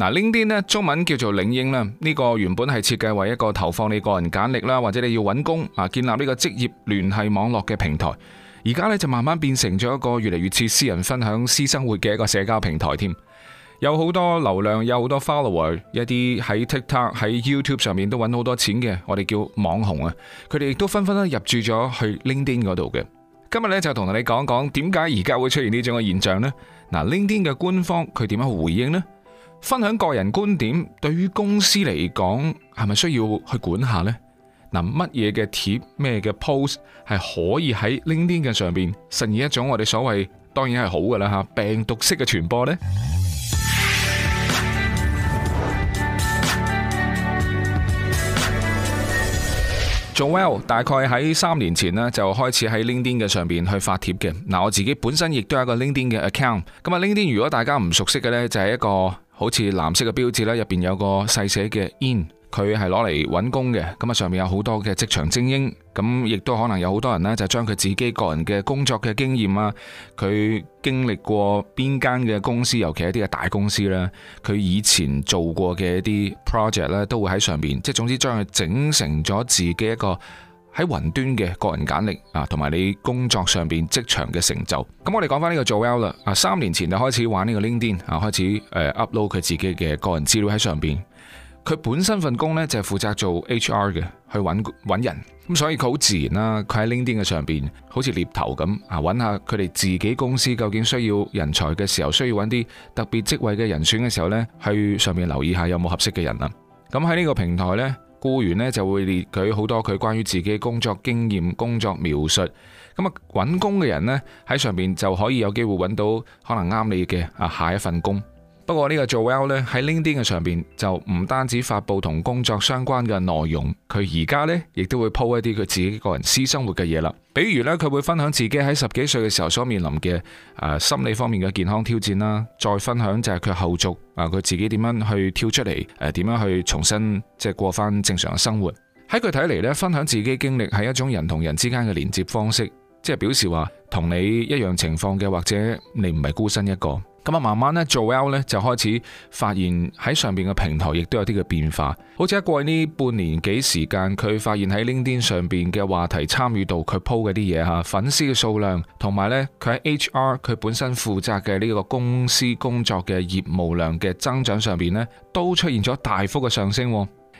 嗱，LinkedIn 呢，中文叫做領英啦，呢個原本係設計為一個投放你個人簡歷啦，或者你要揾工啊，建立呢個職業聯繫網絡嘅平台。而家呢，就慢慢變成咗一個越嚟越似私人分享私生活嘅一個社交平台添。有好多流量，有好多 follower，一啲喺 TikTok、喺 YouTube 上面都揾好多錢嘅，我哋叫網紅啊。佢哋亦都紛紛入駐咗去 LinkedIn 嗰度嘅。今日呢，就同你講講點解而家會出現呢種嘅現象呢。嗱，LinkedIn 嘅官方佢點樣回應呢？分享個人觀點對於公司嚟講係咪需要去管下呢？嗱，乜嘢嘅貼咩嘅 post 係可以喺 LinkedIn 嘅上邊實現一種我哋所謂當然係好噶啦吓，病毒式嘅傳播呢，做 Well 大概喺三年前呢，就開始喺 LinkedIn 嘅上邊去發帖嘅。嗱，我自己本身亦都有一個 LinkedIn 嘅 account。咁啊，LinkedIn 如果大家唔熟悉嘅呢，就係一個。好似藍色嘅標誌咧，入邊有個細寫嘅 in，佢係攞嚟揾工嘅。咁啊，上面有好多嘅職場精英，咁亦都可能有好多人呢，就將佢自己個人嘅工作嘅經驗啊，佢經歷過邊間嘅公司，尤其一啲嘅大公司呢，佢以前做過嘅一啲 project 呢，都會喺上面。即係總之將佢整成咗自己一個。喺雲端嘅個人簡歷啊，同埋你工作上邊職場嘅成就，咁我哋講翻呢個 Joel 啦。啊，三年前就開始玩呢個 LinkedIn 啊，開始誒 upload 佢自己嘅個人資料喺上邊。佢本身份工呢，就係負責做 HR 嘅，去揾人。咁所以佢好自然啦，佢喺 LinkedIn 嘅上邊好似獵頭咁啊，搵下佢哋自己公司究竟需要人才嘅時候，需要揾啲特別職位嘅人選嘅時候呢，去上面留意下有冇合適嘅人啦。咁喺呢個平台呢。僱員咧，就會列舉好多佢關於自己工作經驗、工作描述，咁啊揾工嘅人咧，喺上面就可以有機會揾到可能啱你嘅，啊下一份工。不過呢個做 Well 咧喺 LinkedIn 嘅上邊就唔單止發佈同工作相關嘅內容，佢而家呢，亦都會 po 一啲佢自己個人私生活嘅嘢啦。比如呢，佢會分享自己喺十幾歲嘅時候所面臨嘅誒、啊、心理方面嘅健康挑戰啦，再分享就係佢後續啊佢自己點樣去跳出嚟，誒點樣去重新即係、就是、過返正常嘅生活。喺佢睇嚟呢，分享自己經歷係一種人同人之間嘅連接方式，即係表示話同你一樣情況嘅或者你唔係孤身一個。咁啊，慢慢咧 Joel 咧就開始發現喺上邊嘅平台，亦都有啲嘅變化。好似喺過呢半年幾時間，佢發現喺 LinkedIn 上邊嘅話題參與到佢 po 嘅啲嘢嚇，粉絲嘅數量，同埋咧佢喺 HR 佢本身負責嘅呢個公司工作嘅業務量嘅增長上邊咧，都出現咗大幅嘅上升。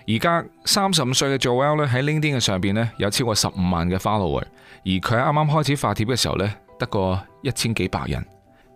而家三十五歲嘅 Joel 咧喺 LinkedIn 嘅上邊咧，有超過十五萬嘅 follower，而佢啱啱開始發帖嘅時候咧，得過一千幾百人。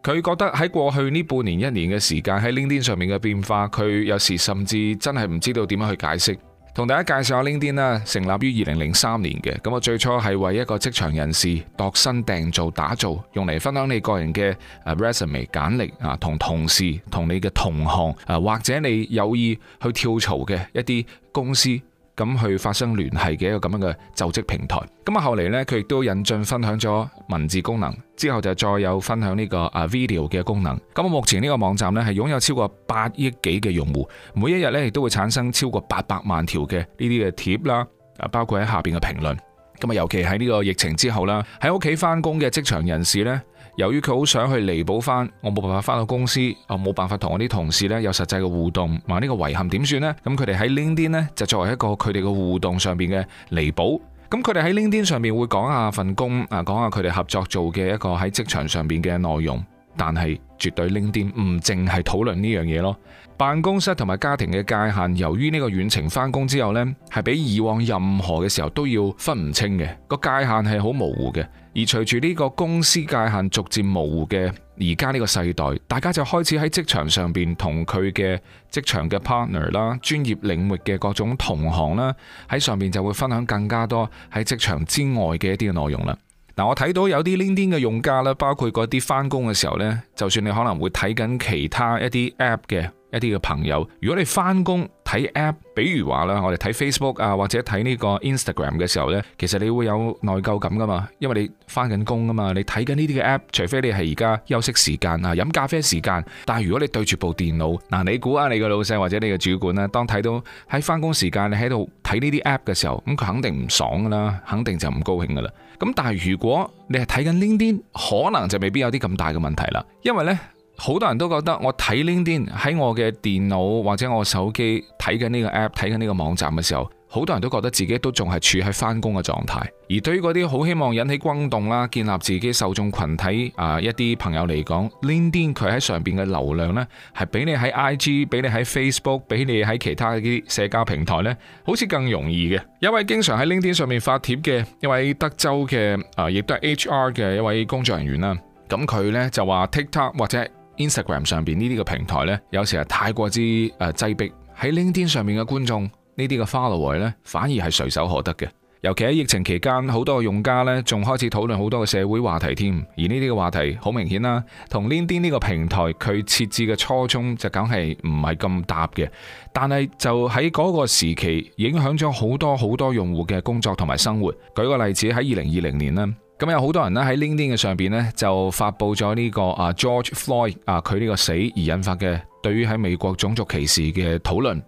佢覺得喺過去呢半年一年嘅時間喺 LinkedIn 上面嘅變化，佢有時甚至真係唔知道點樣去解釋。同大家介紹下 LinkedIn 啦，Link 成立於二零零三年嘅，咁我最初係為一個職場人士度身訂造、打造用嚟分享你個人嘅 resume 簡歷啊，同同事、同你嘅同行啊，或者你有意去跳槽嘅一啲公司。咁去發生聯繫嘅一個咁樣嘅就職平台。咁啊後嚟咧，佢亦都引進分享咗文字功能，之後就再有分享呢個啊 video 嘅功能。咁目前呢個網站呢，係擁有超過八億幾嘅用戶，每一日呢亦都會產生超過八百萬條嘅呢啲嘅貼啦，啊包括喺下邊嘅評論。咁啊尤其喺呢個疫情之後啦，喺屋企翻工嘅職場人士呢。由於佢好想去彌補返，我冇辦法返到公司，我冇辦法同我啲同事呢有實際嘅互動，嗱，呢個遺憾點算呢？咁佢哋喺 LinkedIn 呢就作為一個佢哋嘅互動上邊嘅彌補，咁佢哋喺 LinkedIn 上面會講下份工，啊講下佢哋合作做嘅一個喺職場上邊嘅內容。但係絕對拎掂，唔淨係討論呢樣嘢咯。辦公室同埋家庭嘅界限，由於呢個遠程翻工之後呢，係比以往任何嘅時候都要分唔清嘅，個界限係好模糊嘅。而隨住呢個公司界限逐漸模糊嘅，而家呢個世代，大家就開始喺職場上邊同佢嘅職場嘅 partner 啦、專業領域嘅各種同行啦，喺上面就會分享更加多喺職場之外嘅一啲嘅內容啦。嗱，我睇到有啲 LinkedIn 嘅用家啦，包括嗰啲翻工嘅時候咧，就算你可能會睇緊其他一啲 App 嘅一啲嘅朋友。如果你翻工睇 App，比如話啦，我哋睇 Facebook 啊，或者睇呢個 Instagram 嘅時候咧，其實你會有內疚感噶嘛，因為你翻緊工啊嘛，你睇緊呢啲嘅 App，除非你係而家休息時間啊，飲咖啡時間。但係如果你對住部電腦，嗱，啊，你估下你個老細或者你個主管啦，當睇到喺翻工時間你喺度睇呢啲 App 嘅時候，咁佢肯定唔爽噶啦，肯定就唔高興噶啦。咁但係如果你係睇緊 LinkedIn，可能就未必有啲咁大嘅問題啦，因為咧好多人都覺得我睇 LinkedIn 喺我嘅電腦或者我手機睇緊呢個 app 睇緊呢個網站嘅時候。好多人都覺得自己都仲係處喺返工嘅狀態，而對於嗰啲好希望引起轟動啦、建立自己受眾群體啊、呃、一啲朋友嚟講，LinkedIn 佢喺上邊嘅流量呢，係比你喺 IG、比你喺 Facebook、比你喺其他嘅啲社交平台呢，好似更容易嘅。一位經常喺 LinkedIn 上面發帖嘅一位德州嘅啊、呃，亦都係 HR 嘅一位工作人員啦。咁佢呢，就話，TikTok 或者 Instagram 上邊呢啲嘅平台呢，有時係太過之誒擠迫，喺、呃、LinkedIn 上面嘅觀眾。呢啲嘅 follower 咧，反而係隨手可得嘅。尤其喺疫情期間，好多嘅用家咧，仲開始討論好多嘅社會話題添。而呢啲嘅話題，好明顯啦，同 LinkedIn 呢個平台佢設置嘅初衷就梗係唔係咁搭嘅。但係就喺嗰個時期，影響咗好多好多用戶嘅工作同埋生活。舉個例子，喺二零二零年啦，咁有好多人咧喺 LinkedIn 嘅上邊呢，就發佈咗呢個啊 George Floyd 啊佢呢個死而引發嘅對於喺美國種族歧視嘅討論。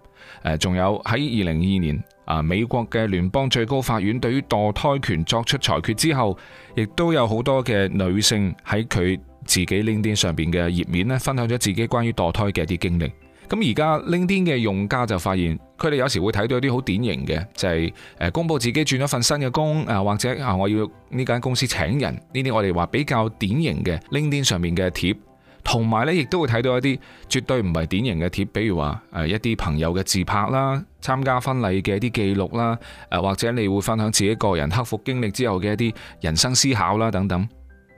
仲有喺二零二二年啊，美國嘅聯邦最高法院對於墮胎權作出裁決之後，亦都有好多嘅女性喺佢自己 LinkedIn 上邊嘅頁面咧，分享咗自己關於墮胎嘅一啲經歷。咁而家 LinkedIn 嘅用家就發現，佢哋有時會睇到一啲好典型嘅，就係、是、誒公布自己轉咗份新嘅工，誒、啊、或者啊我要呢間公司請人呢啲，我哋話比較典型嘅 LinkedIn 上面嘅貼。同埋咧，亦都會睇到一啲絕對唔係典型嘅貼，比如話誒一啲朋友嘅自拍啦，參加婚禮嘅一啲記錄啦，誒或者你會分享自己個人克服經歷之後嘅一啲人生思考啦等等。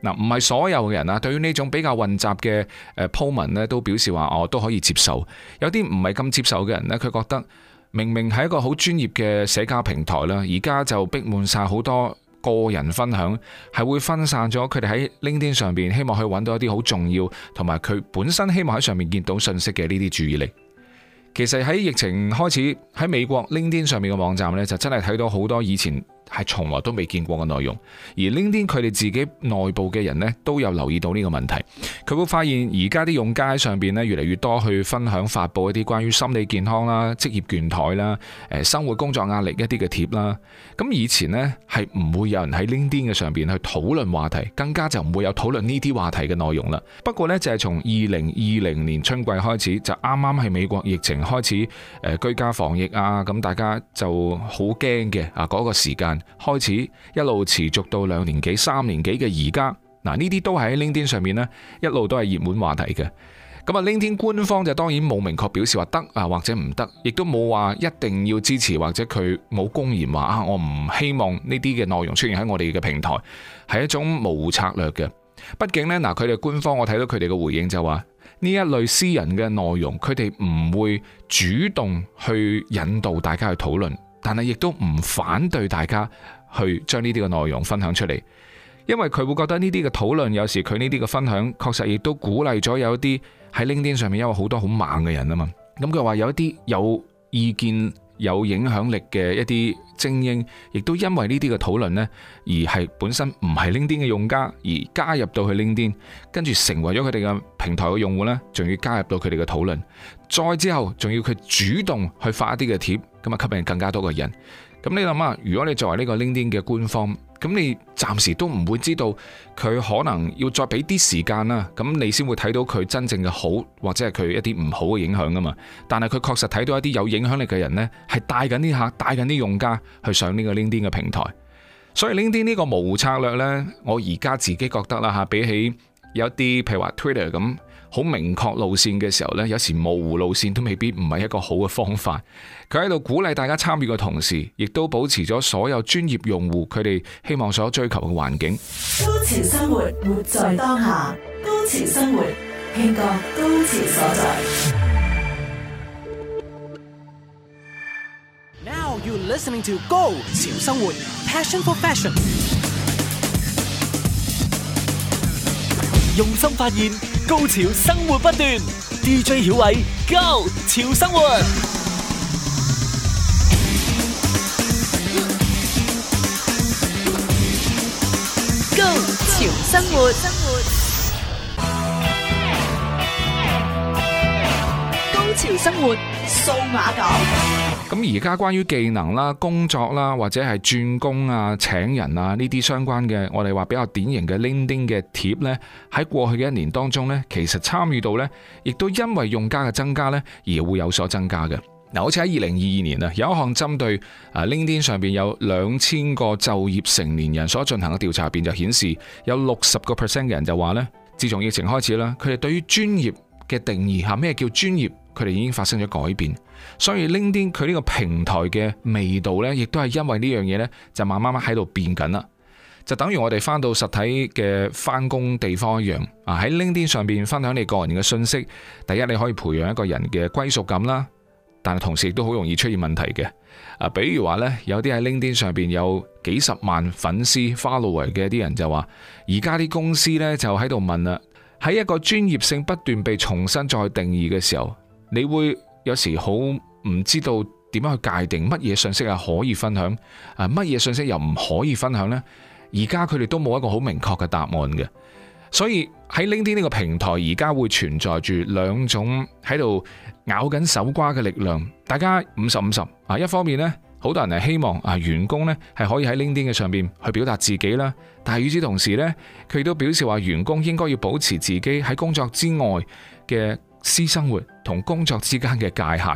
嗱、啊，唔係所有嘅人啊，對於呢種比較混雜嘅誒鋪文呢，都表示話我、哦、都可以接受。有啲唔係咁接受嘅人呢，佢覺得明明係一個好專業嘅社交平台啦，而家就逼滿晒好多個人分享係會分散咗佢哋喺 LinkedIn 上面，希望去揾到一啲好重要同埋佢本身希望喺上面見到信息嘅呢啲注意力。其實喺疫情開始喺美國 LinkedIn 上面嘅網站呢，就真係睇到好多以前係從來都未見過嘅內容，而 LinkedIn 佢哋自己內部嘅人呢都有留意到呢個問題。佢會發現而家啲用家喺上邊呢，越嚟越多去分享、發佈一啲關於心理健康啦、職業倦怠啦、誒生活工作壓力一啲嘅貼啦。咁以前呢，係唔會有人喺 LinkedIn 嘅上邊去討論話題，更加就唔會有討論呢啲話題嘅內容啦。不過呢，就係從二零二零年春季開始，就啱啱係美國疫情開始誒居家防疫啊，咁大家就好驚嘅啊嗰個時間。開始一路持續到兩年幾、三年幾嘅而家，嗱呢啲都係喺 LinkedIn 上面咧，一路都係熱門話題嘅。咁啊，LinkedIn 官方就當然冇明確表示話得啊，或者唔得，亦都冇話一定要支持，或者佢冇公然話啊，我唔希望呢啲嘅內容出現喺我哋嘅平台，係一種模糊策略嘅。畢竟呢，嗱佢哋官方我睇到佢哋嘅回應就話，呢一類私人嘅內容，佢哋唔會主動去引導大家去討論。但係亦都唔反對大家去將呢啲嘅內容分享出嚟，因為佢會覺得呢啲嘅討論，有時佢呢啲嘅分享，確實亦都鼓勵咗有一啲喺 LinkedIn 上面，有好多好猛嘅人啊嘛。咁佢話有一啲有意見、有影響力嘅一啲精英，亦都因為呢啲嘅討論呢，而係本身唔係 LinkedIn 嘅用家，而加入到去 LinkedIn 跟住成為咗佢哋嘅平台嘅用戶呢，仲要加入到佢哋嘅討論，再之後仲要佢主動去發一啲嘅貼。咁啊，吸引更加多嘅人。咁你諗下，如果你作為呢個 LinkedIn 嘅官方，咁你暫時都唔會知道佢可能要再俾啲時間啦，咁你先會睇到佢真正嘅好或者係佢一啲唔好嘅影響㗎嘛。但係佢確實睇到一啲有影響力嘅人呢，係帶緊啲客、帶緊啲用家去上呢個 LinkedIn 嘅平台。所以 LinkedIn 呢個模糊策略呢，我而家自己覺得啦吓，比起有啲譬如話 Twitter 咁好明確路線嘅時候呢，有時模糊路線都未必唔係一個好嘅方法。佢喺度鼓勵大家參與嘅同時，亦都保持咗所有專業用戶佢哋希望所追求嘅環境。高潮生活，活在當下。高潮生活，興個高潮所在。Now you listening to Go 高潮生活，Passion for Fashion。用心發現高潮生活不斷，DJ 曉偉，Go 潮生活，Go 潮生活，高潮生活數碼港。咁而家關於技能啦、工作啦或者係轉工啊、請人啊呢啲相關嘅，我哋話比較典型嘅 LinkedIn 嘅貼呢，喺過去嘅一年當中呢，其實參與度呢，亦都因為用家嘅增加呢，而會有所增加嘅。嗱，好似喺二零二二年啊，有一項針對啊 LinkedIn 上邊有兩千個就業成年人所進行嘅調查入邊就顯示有，有六十個 percent 嘅人就話呢，自從疫情開始啦，佢哋對於專業嘅定義吓咩叫專業？佢哋已經發生咗改變，所以 LinkedIn 佢呢個平台嘅味道呢，亦都係因為呢樣嘢呢，就慢慢喺度變緊啦。就等於我哋翻到實體嘅翻工地方一樣啊。喺 LinkedIn 上邊分享你個人嘅信息，第一你可以培養一個人嘅歸屬感啦，但係同時亦都好容易出現問題嘅啊。比如話呢，有啲喺 LinkedIn 上邊有幾十萬粉絲 follower 嘅啲人就話，而家啲公司呢，就喺度問啦，喺一個專業性不斷被重新再定義嘅時候。你會有時好唔知道點樣去界定乜嘢信息係可以分享啊，乜嘢信息又唔可以分享呢？而家佢哋都冇一個好明確嘅答案嘅，所以喺 LinkedIn 呢個平台而家會存在住兩種喺度咬緊手瓜嘅力量，大家五十五十啊。一方面呢，好多人係希望啊員工呢係可以喺 LinkedIn 嘅上面去表達自己啦，但係與此同時呢，佢亦都表示話員工應該要保持自己喺工作之外嘅。私生活同工作之間嘅界限，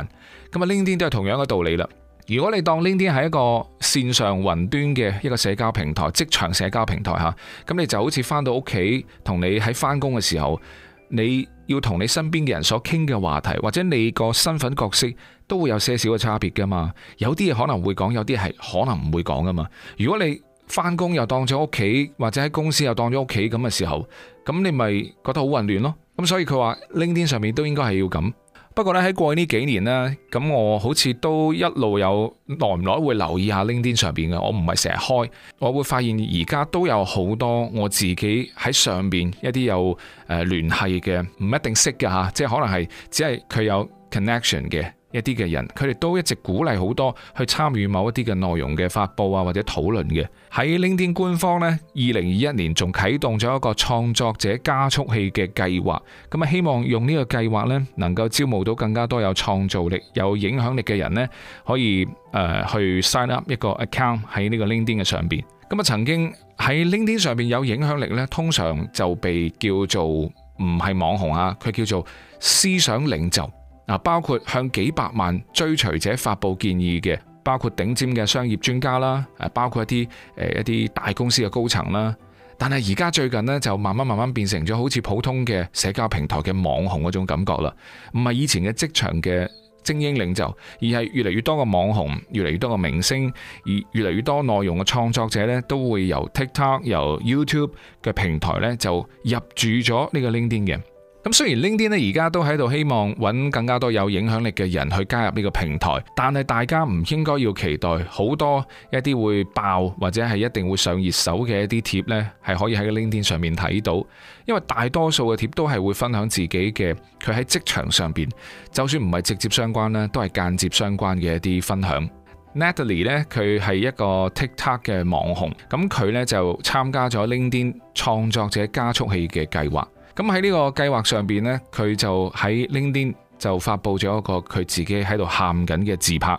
咁啊，LinkedIn 都係同樣嘅道理啦。如果你當 LinkedIn 係一個線上雲端嘅一個社交平台、職場社交平台吓，咁你就好似返到屋企，同你喺返工嘅時候，你要同你身邊嘅人所傾嘅話題，或者你個身份角色都會有些少嘅差別㗎嘛。有啲嘢可能會講，有啲係可能唔會講㗎嘛。如果你返工又當咗屋企，或者喺公司又當咗屋企咁嘅時候，咁你咪覺得好混亂咯。咁所以佢話 LinkedIn 上面都應該係要咁，不過呢，喺過去呢幾年呢，咁我好似都一路有耐唔耐會留意下 LinkedIn 上邊嘅，我唔係成日開，我會發現而家都有好多我自己喺上邊一啲有誒聯繫嘅，唔一定識嘅吓，即係可能係只係佢有 connection 嘅。一啲嘅人，佢哋都一直鼓勵好多去參與某一啲嘅內容嘅發布啊，或者討論嘅。喺 LinkedIn 官方呢，二零二一年仲啟動咗一個創作者加速器嘅計劃，咁啊希望用呢個計劃呢，能夠招募到更加多有創造力、有影響力嘅人呢，可以誒、呃、去 sign up 一個 account 喺呢個 LinkedIn 嘅上邊。咁啊曾經喺 LinkedIn 上邊有影響力呢，通常就被叫做唔係網紅啊，佢叫做思想領袖。啊！包括向幾百萬追隨者發布建議嘅，包括頂尖嘅商業專家啦，誒，包括一啲誒、呃、一啲大公司嘅高層啦。但係而家最近呢，就慢慢慢慢變成咗好似普通嘅社交平台嘅網紅嗰種感覺啦。唔係以前嘅職場嘅精英領袖，而係越嚟越多嘅網紅，越嚟越多嘅明星，而越嚟越多內容嘅創作者呢，都會由 TikTok、由 YouTube 嘅平台呢，就入住咗呢個 LinkedIn 嘅。咁雖然 LinkedIn 咧而家都喺度希望揾更加多有影響力嘅人去加入呢個平台，但係大家唔應該要期待好多一啲會爆或者係一定會上熱搜嘅一啲貼呢，係可以喺 LinkedIn 上面睇到，因為大多數嘅貼都係會分享自己嘅佢喺職場上邊，就算唔係直接相關呢，都係間接相關嘅一啲分享。Natalie 呢，佢係一個 TikTok 嘅網紅，咁佢呢就參加咗 LinkedIn 創作者加速器嘅計劃。咁喺呢個計劃上邊呢，佢就喺 LinkedIn 就發布咗一個佢自己喺度喊緊嘅自拍。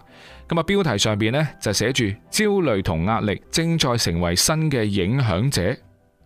咁啊，標題上邊呢，就寫住「焦慮同壓力正在成為新嘅影響者」。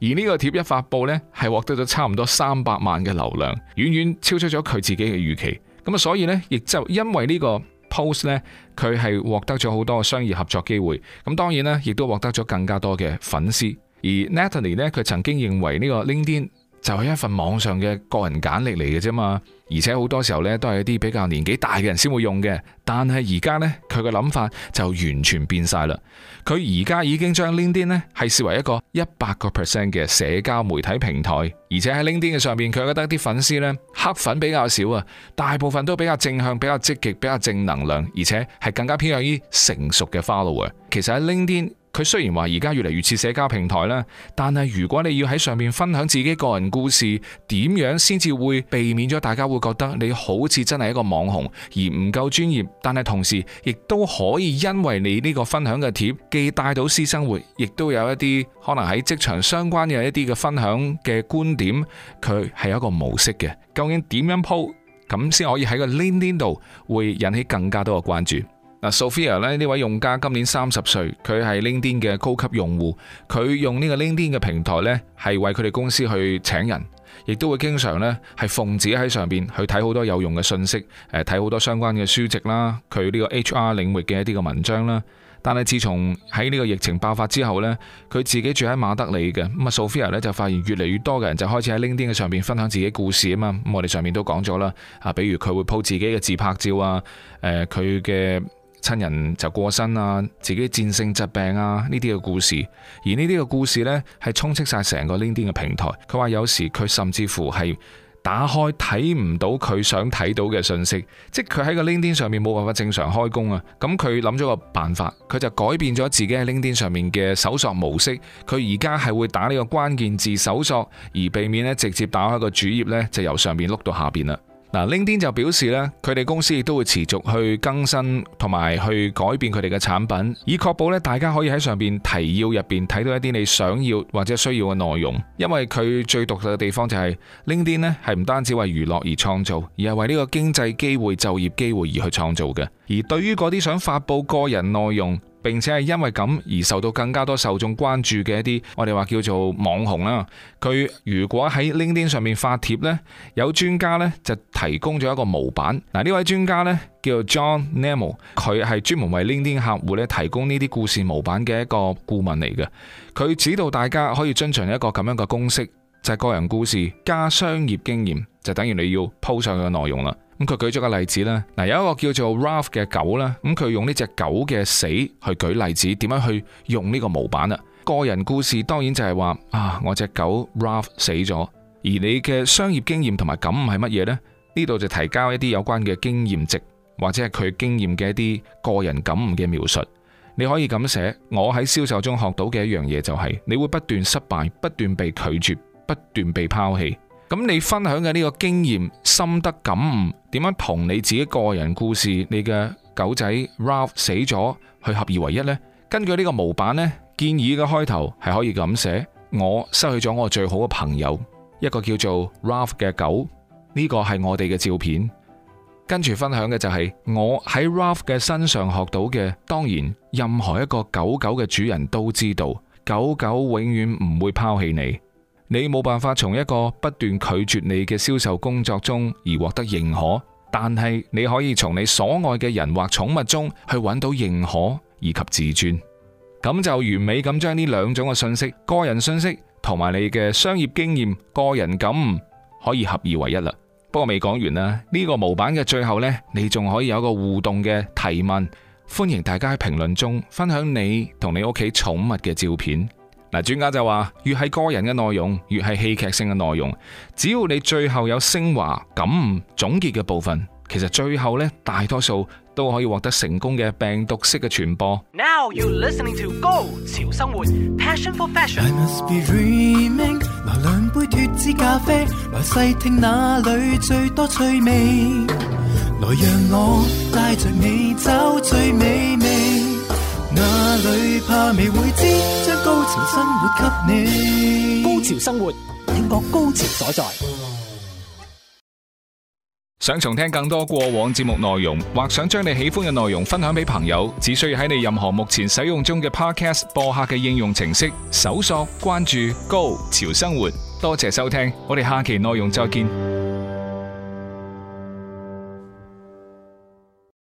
而呢個貼一發布呢，係獲得咗差唔多三百萬嘅流量，遠遠超出咗佢自己嘅預期。咁啊，所以呢，亦就因為呢個 post 呢，佢係獲得咗好多商業合作機會。咁當然呢，亦都獲得咗更加多嘅粉絲。而 Natalie 呢，佢曾經認為呢個 LinkedIn，就係一份網上嘅個人簡歷嚟嘅啫嘛，而且好多時候呢，都係一啲比較年紀大嘅人先會用嘅。但係而家呢，佢嘅諗法就完全變晒啦，佢而家已經將 LinkedIn 呢係視為一個一百個 percent 嘅社交媒體平台，而且喺 LinkedIn 嘅上面，佢覺得啲粉絲呢，黑粉比較少啊，大部分都比較正向、比較積極、比較正能量，而且係更加偏向於成熟嘅 follower。其實喺 LinkedIn。佢雖然話而家越嚟越似社交平台啦，但係如果你要喺上面分享自己個人故事，點樣先至會避免咗大家會覺得你好似真係一個網紅而唔夠專業？但係同時亦都可以因為你呢個分享嘅貼，既帶到私生活，亦都有一啲可能喺職場相關嘅一啲嘅分享嘅觀點，佢係有一個模式嘅。究竟點樣 po 咁先可以喺個 LinkedIn 度會引起更加多嘅關注？嗱，Sophia 咧呢位用家今年三十歲，佢係 LinkedIn 嘅高級用戶，佢用呢個 LinkedIn 嘅平台呢，係為佢哋公司去請人，亦都會經常呢，係奉旨喺上邊去睇好多有用嘅信息，誒睇好多相關嘅書籍啦，佢呢個 HR 領域嘅一啲個文章啦。但係自從喺呢個疫情爆發之後呢，佢自己住喺馬德里嘅，咁啊 Sophia 呢，就發現越嚟越多嘅人就開始喺 LinkedIn 嘅上邊分享自己故事啊嘛。咁、嗯、我哋上面都講咗啦，啊，比如佢會 po 自己嘅自拍照啊，誒佢嘅，親人就過身啊，自己戰勝疾病啊，呢啲嘅故事，而呢啲嘅故事呢，係充斥晒成個 LinkedIn 嘅平台。佢話有時佢甚至乎係打開睇唔到佢想睇到嘅信息，即佢喺個 LinkedIn 上面冇辦法正常開工啊。咁佢諗咗個辦法，佢就改變咗自己喺 LinkedIn 上面嘅搜索模式。佢而家係會打呢個關鍵字搜索，而避免呢直接打開個主頁呢，就由上邊碌到下邊啦。嗱 LinkedIn 就表示咧，佢哋公司亦都會持續去更新同埋去改變佢哋嘅產品，以確保咧大家可以喺上邊提要入邊睇到一啲你想要或者需要嘅內容。因為佢最獨特嘅地方就係、是、，LinkedIn 咧係唔單止為娛樂而創造，而係為呢個經濟機會、就業機會而去創造嘅。而對於嗰啲想發布個人內容，並且係因為咁而受到更加多受眾關注嘅一啲，我哋話叫做網紅啦。佢如果喺 LinkedIn 上面發帖，呢有專家呢就提供咗一個模板。嗱，呢位專家呢，叫 John Nemo，佢係專門為 LinkedIn 客戶咧提供呢啲故事模板嘅一個顧問嚟嘅。佢指導大家可以遵循一個咁樣嘅公式，就係、是、個人故事加商業經驗，就等於你要鋪上佢嘅內容啦。咁佢舉咗個例子啦。嗱有一個叫做 Ralph 嘅狗啦，咁佢用呢隻狗嘅死去舉例子，點樣去用呢個模板啦？個人故事當然就係話啊，我隻狗 Ralph 死咗，而你嘅商業經驗同埋感悟係乜嘢呢？呢度就提交一啲有關嘅經驗值，或者係佢經驗嘅一啲個人感悟嘅描述。你可以咁寫：我喺銷售中學到嘅一樣嘢就係、是，你會不斷失敗，不斷被拒絕，不斷被拋棄。咁你分享嘅呢個經驗、心得感悟，點樣同你自己個人故事、你嘅狗仔 Ralph 死咗去合二為一呢？根據呢個模板呢，建議嘅開頭係可以咁寫：我失去咗我最好嘅朋友，一個叫做 Ralph 嘅狗。呢個係我哋嘅照片。跟住分享嘅就係我喺 Ralph 嘅身上學到嘅。當然，任何一個狗狗嘅主人都知道，狗狗永遠唔會拋棄你。你冇辦法從一個不斷拒絕你嘅銷售工作中而獲得認可，但係你可以從你所愛嘅人或寵物中去揾到認可以及自尊，咁就完美咁將呢兩種嘅信息，個人信息同埋你嘅商業經驗、個人感悟可以合二為一啦。不過未講完啦，呢個模板嘅最後呢，你仲可以有一個互動嘅提問，歡迎大家喺評論中分享你同你屋企寵物嘅照片。嗱，專家就話，越係個人嘅內容，越係戲劇性嘅內容，只要你最後有升華、感悟、總結嘅部分，其實最後呢，大多數都可以獲得成功嘅病毒式嘅傳播。Now 高潮生活，給你高潮生活，聽我高潮所在。想重聽更多過往節目內容，或想將你喜歡嘅內容分享俾朋友，只需要喺你任何目前使用中嘅 Podcast 播客嘅應用程式搜索、關注“高潮生活”。多謝收聽，我哋下期內容再見。